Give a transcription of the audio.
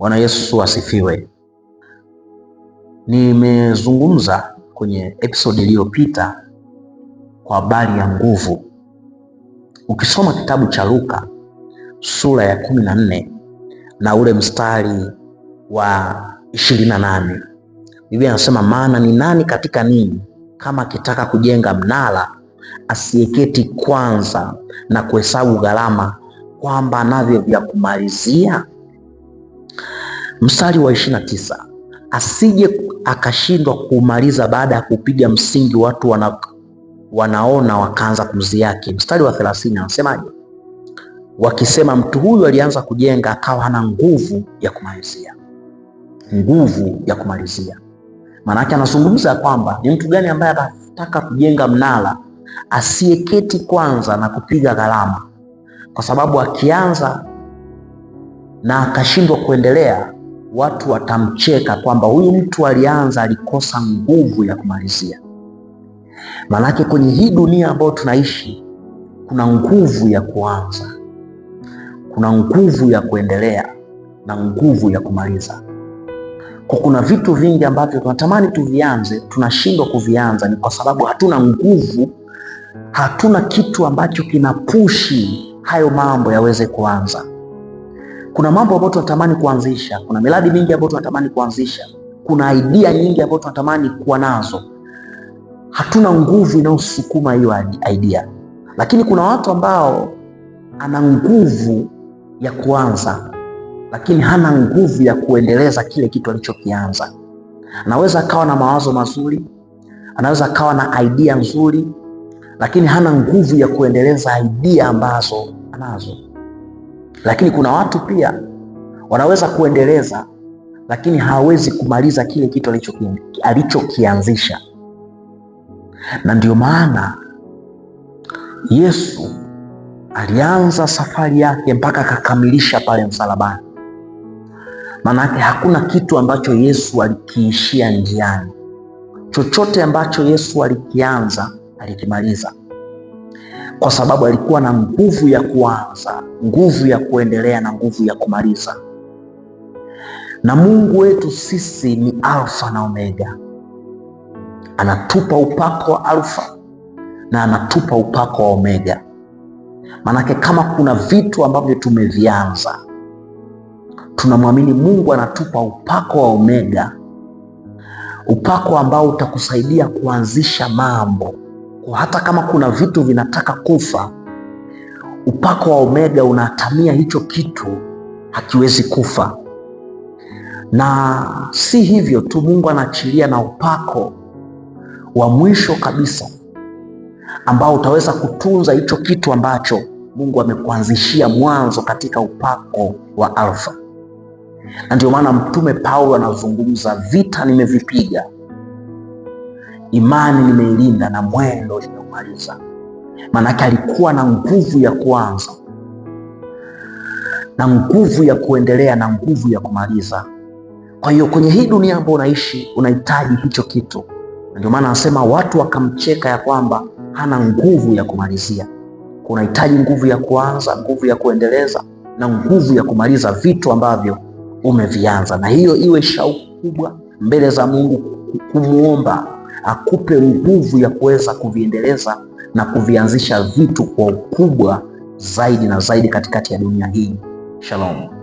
Bwana Yesu asifiwe. Nimezungumza kwenye episode iliyopita kwa habari ya nguvu. Ukisoma kitabu cha Luka sura ya kumi na nne na ule mstari wa ishirini na nane Biblia anasema, maana ni nani katika ninyi kama akitaka kujenga mnara asiyeketi kwanza na kuhesabu gharama kwamba anavyo vya kumalizia mstari wa 29, asije akashindwa kumaliza baada ya kupiga msingi, watu wana, wanaona wakaanza yake Mstari wa 30 anasemaje? Wakisema mtu huyu alianza kujenga akawa hana nguvu ya kumalizia, nguvu ya kumalizia. yake anazungumza kwamba ni mtu gani ambaye anataka kujenga mnara asiyeketi kwanza na kupiga gharama, kwa sababu akianza na akashindwa kuendelea, watu watamcheka kwamba huyu mtu alianza, alikosa nguvu ya kumalizia. Maanake kwenye hii dunia ambayo tunaishi kuna nguvu ya kuanza, kuna nguvu ya kuendelea na nguvu ya kumaliza. Kwa kuna vitu vingi ambavyo tunatamani tuvianze, tunashindwa kuvianza, ni kwa sababu hatuna nguvu, hatuna kitu ambacho kinapushi hayo mambo yaweze kuanza kuna mambo ambayo tunatamani kuanzisha, kuna miradi mingi ambayo tunatamani kuanzisha, kuna idea nyingi ambayo tunatamani kuwa nazo, hatuna nguvu inayosukuma hiyo idea, lakini kuna watu ambao ana nguvu ya kuanza lakini hana nguvu ya kuendeleza kile kitu alichokianza. Anaweza akawa na mawazo mazuri, anaweza akawa na idea nzuri, lakini hana nguvu ya kuendeleza idea ambazo anazo. Lakini kuna watu pia wanaweza kuendeleza, lakini hawawezi kumaliza kile kitu alichokianzisha, na ndio maana Yesu alianza safari yake mpaka akakamilisha pale msalabani. Maanake hakuna kitu ambacho Yesu alikiishia njiani. Chochote ambacho Yesu alikianza alikimaliza kwa sababu alikuwa na nguvu ya kuanza, nguvu ya kuendelea na nguvu ya kumaliza. Na Mungu wetu sisi ni Alfa na Omega, anatupa upako wa Alfa na anatupa upako wa Omega. Maanake kama kuna vitu ambavyo tumevianza, tunamwamini Mungu anatupa upako wa Omega, upako ambao utakusaidia kuanzisha mambo hata kama kuna vitu vinataka kufa, upako wa Omega unatamia hicho kitu hakiwezi kufa. Na si hivyo tu, Mungu anaachilia na upako wa mwisho kabisa ambao utaweza kutunza hicho kitu ambacho Mungu amekuanzishia mwanzo katika upako wa Alfa. Na ndio maana Mtume Paulo anazungumza, vita nimevipiga imani nimeilinda na mwendo nimeumaliza. Maanake alikuwa na nguvu ya kuanza na nguvu ya kuendelea na nguvu ya kumaliza. Kwa hiyo kwenye hii dunia ambayo unaishi unahitaji hicho kitu, ndio maana anasema watu wakamcheka ya kwamba hana nguvu ya kumalizia. Unahitaji nguvu ya kuanza, nguvu ya kuendeleza na nguvu ya kumaliza vitu ambavyo umevianza, na hiyo iwe shauku kubwa mbele za Mungu, kumwomba akupe nguvu ya kuweza kuviendeleza na kuvianzisha vitu kwa ukubwa zaidi na zaidi katikati ya dunia hii. Shalom.